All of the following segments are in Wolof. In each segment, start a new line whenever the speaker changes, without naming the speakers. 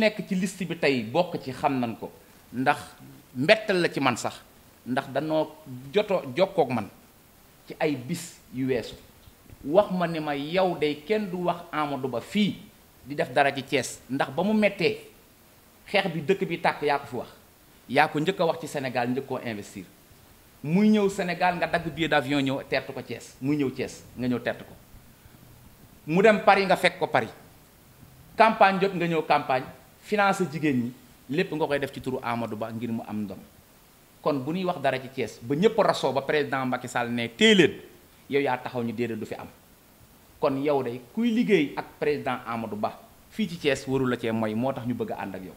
nekk ci liste bi tey bokk ci xam nañ ko ndax mbettal la ci man sax ndax danoo joto jokkoog man ci ay bis yu weesu wax ma ne ma yow day kenn du wax Amadou Ba fii di def dara ci cees ndax ba mu mettee xeex bi dëkk bi tàkk yaa ko fi wax yaa ko njëkk a wax ci Sénégal njëkkoo investir muy ñëw senegal nga dagg billet d'avion ñëw tertu ko cees muy ñëw cees nga ñëw tertu ko mu dem pari nga fekk ko pari campagne jot nga ñëw campagne financé jigéen ñi lépp nga koy def ci turu Amadou Ba ngir mu am ndam kon bu ñuy wax dara ci Thiès ba ñëpp rasoo ba président Macky Sall ne tey leen yow yaa taxaw ñu déedéet du fi am kon yow de kuy liggéey ak président Amadou Ba fii ci Thiès waru la cee mooy moo tax ñu bëgg ànd ak yow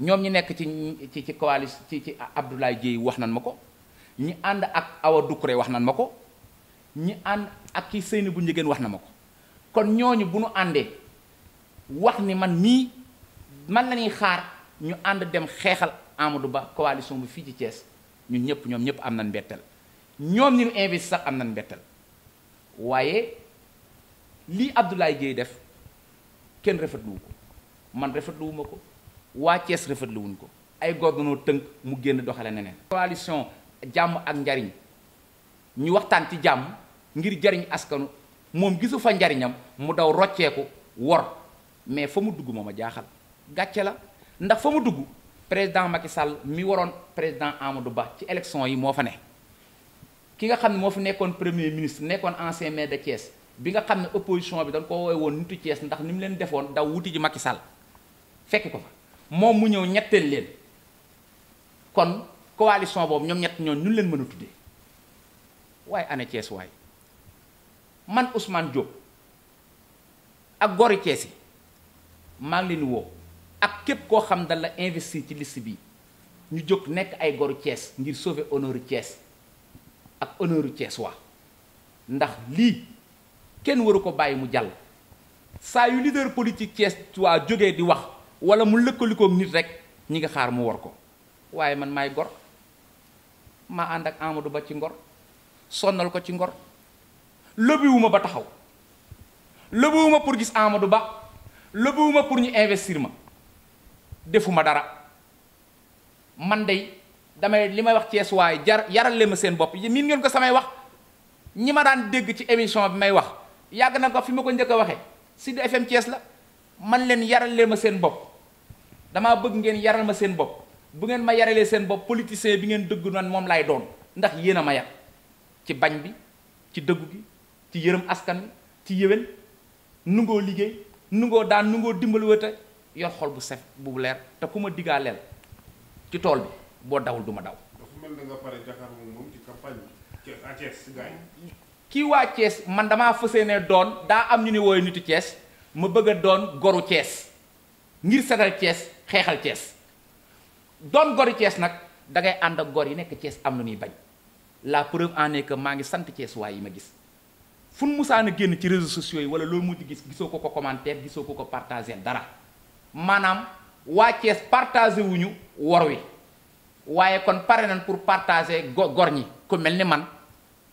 ñoom ñi nekk ci ci ci coalition ci ci Abdoulaye Dieye wax nan ma ko ñi ànd ak Awa wax nan ma ko ñi ànd ak ki Seyni bu njëgeen wax na ma ko kon ñooñu bu ñu àndee. wax ni man mii man la ñuy xaar ñu ànd dem xeexal Amadou Ba coalition bi fii ci cees ñun ñëpp ñoom ñëpp am nañ mbetteel ñoom ñu investi sax am na mbetteel waaye lii Abdoulaye Guèye def kenn rafetluwu ko man rafetluwuma ko waa Thiès rafetluwuñ ko ay góor danoo tënk mu génn doxale neneen coalition jàmm ak njariñ ñu waxtaan ci jàmm ngir jariñ askanu moom gisu fa njariñam mu daw rocceeku wor mais fa mu dugg moom a jaaxal gàcce la ndax fa mu dugg président Macky Sall mi waroon président Amadou Ba ci élection yi moo fa ne ki nga xam ne moo fi nekkoon premier ministre nekkoon ancien maire de Thiès bi nga xam ne opposition bi dañ ko woowee woon nitu Thiès ndax ni mu leen defoon daw wuti ji Macky Sall fekk ko fa moom mu ñëw ñetteel leen kon coalition boobu ñoom ñett ñoon ñun leen mën a tuddee waaye ana Thiès waay man Ousmane jóg ak gori Thiès yi maa ngi leen woo ak képp koo xam dal la investir ci liste bi ñu jóg nekk ay goru Thiès ngir sauver honneuru cees ak honneuru cees waa ndax lii kenn waru ko bàyyi mu jàll saa yu leader politique Thiès waa jógee di wax wala mu lëkkalikoom nit rek ñi ngi xaar mu war ko waaye man maay gor maa ànd ak Amadou Ba ci ngor sonnal ko ci ngor lobbiwuma ba taxaw lobbiwuma pour gis Amadou Ba lobbuwuma pour ñu investir ma defuma dara man day damay li may wax Cees waaye jar yaral leen ma seen bopp miin ngeen ko samay wax ñi ma daan dégg ci émission bi may wax yàgg na ko fi ma ko njëkk a waxee Sud FM Cees la man leen yaral leen ma seen bopp damaa bëgg ngeen yaral ma seen bopp bu ngeen ma yaralee seen bopp politicien bi ngeen dëgg nan moom laay doon ndax yéen a ma yar ci bañ bi ci dëggu gi ci yërëm askan wi ci yéwén nungoo liggéey nungoo daan nungoo dimbaliwate yor xol bu set bu leer te ku ma digaaleel ci tool bi boo dawul duma daw. kii waa cees man damaa fësee ne doon daa am ñu ni wooyu nitu cees ma bëgg a doon goru Thiès ngir setal Thiès xeexal Thiès doon goru Thiès nag da ànd ak gor yi nekk cees am na ñuy bañ la preuve en est que maa ngi sant Thiès waay yi ma gis. fun mu musaan ci réseaux sociaux wala lo mu di gis gisoko ko commenter gisoko ko partager dara manam waa partager wuñu wor wi waye kon paré nan pour partager go ku man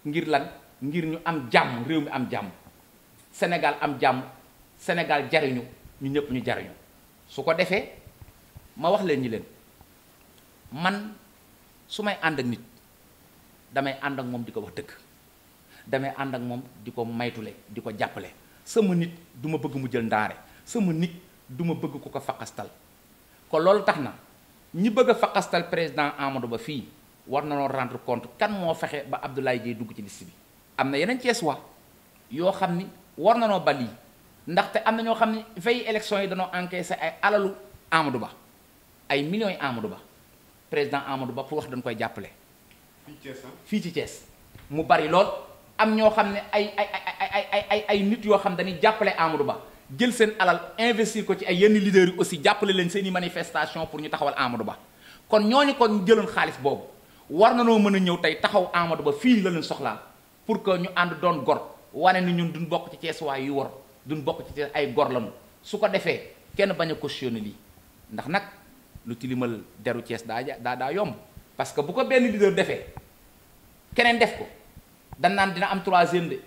ngir lan ngir ñu am jamm réew mi am jamm Sénégal am jamm Sénégal jariñu ñu ñëpp ñu jariñu su ko ma wax leen ñi leen man sumay andeng ak nit damay and ak mom di wax deug damay ànd ak di ko maytule di ko jàppale sama nit duma bëgg mu jël ndaare sama nit duma bëgg ku ko faqastal ko lol taxna ñi bëgg faqastal président Amadou Ba fi war na rendre compte kan mo fexé ba Abdoulaye Dieye dugg ci liste bi amna yenen ci eswa yo xamni war na no bali ndax ndaxte amna ño xamni élection yi dañu encaissé ay alalu Amadou Ba ay millions yi Amadou Ba président Amadou Ba pour wax dañ koy jappalé fi ah? ci mu bari lol am ñoo xam ne ay ay ay ay ay ay nit yoo xam dañuy jàppale Amadou Ba jël seen alal investir ko ci ay yenn leaders yi aussi jàppale leen seen i manifestation pour ñu taxawal Amadou Ba kon ñoo ñooñu kon jëloon xaalis boobu war na noo mën a ñëw tey taxaw Amadou Ba fii la leen soxlaa pour que ñu ànd doon gor wane ni ñun duñ bokk ci ceesuwaay yu war duñ bokk ci ay gor lañu su ko defee kenn bañ a cautionné lii ndax nag lu tilimal deru Cees daa daa daa yomb parce que bu ko benn leader defee keneen def ko dan naan dina am troisième de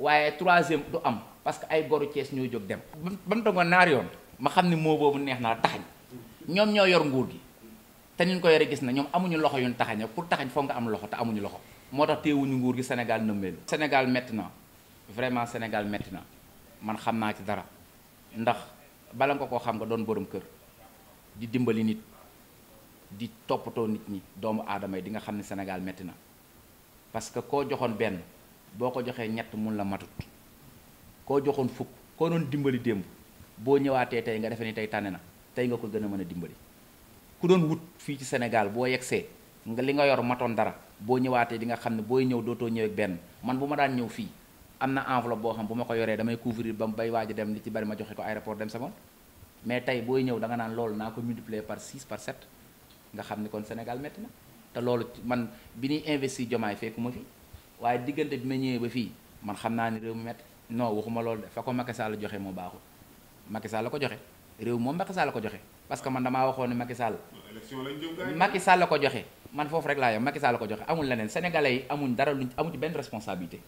waaye troisième du am parce que ay boru Cees ñoo jóg dem ba mu toggoon naar yoon ma xam ne moo boobu neex naa la taxañ ñoom ñoo yor nguur gi te niñ ko yore gis na ñoom amuñu loxo yuñ taxaña pour taxañ foo nga am loxo te amuñu loxo moo tax téewuñu nguur gi Sénégal nëmmeelu Sénégal métti na vraiment Sénégal métti na man xam naa ci dara ndax bala nga ko xam nga doon borom kër di dimbali nit di toppatoo nit ñi doomu aadama yi di nga xam ne Sénégal métti na parce que koo joxoon benn boo ko joxee ñett mun la matut koo joxoon fukk koo doon dimbali démb boo ñëwaatee tey nga defe ni tey tànne na tey nga ko gën a mën a dimbali ku doon wut fii ci Sénégal boo yegsee nga li nga yor matoon dara boo ñëwaatee di nga xam ne booy ñëw dootoo ñëw benn man bu ma daan ñëw fii am na enveloppe boo xam bu ma ko yoree damay couvrir ba mu bay waaj dem li ci bari ma joxe ko aéroport dem sama mais tey booy ñëw da nga naan loolu naa ko multiplier par 6 par 7 nga xam ni kon Sénégal métti na te loolu man bi ñuy investi jomaay fekkuma fi waaye diggante bi ma ñëwee ba fii man xam naa ni réew mi métti non waxuma loolu de fa ko Macky Sall joxe moo baaxul Macky Sall la ko joxe réew moom Macky ko joxe parce que man damaa waxoo ne Macky Sall Macky Sall la ko joxe man foofu rek laa yem Macky Sall la ko joxe amul leneen sénégalais yi amuñ dara luñ amu ci benn responsabilité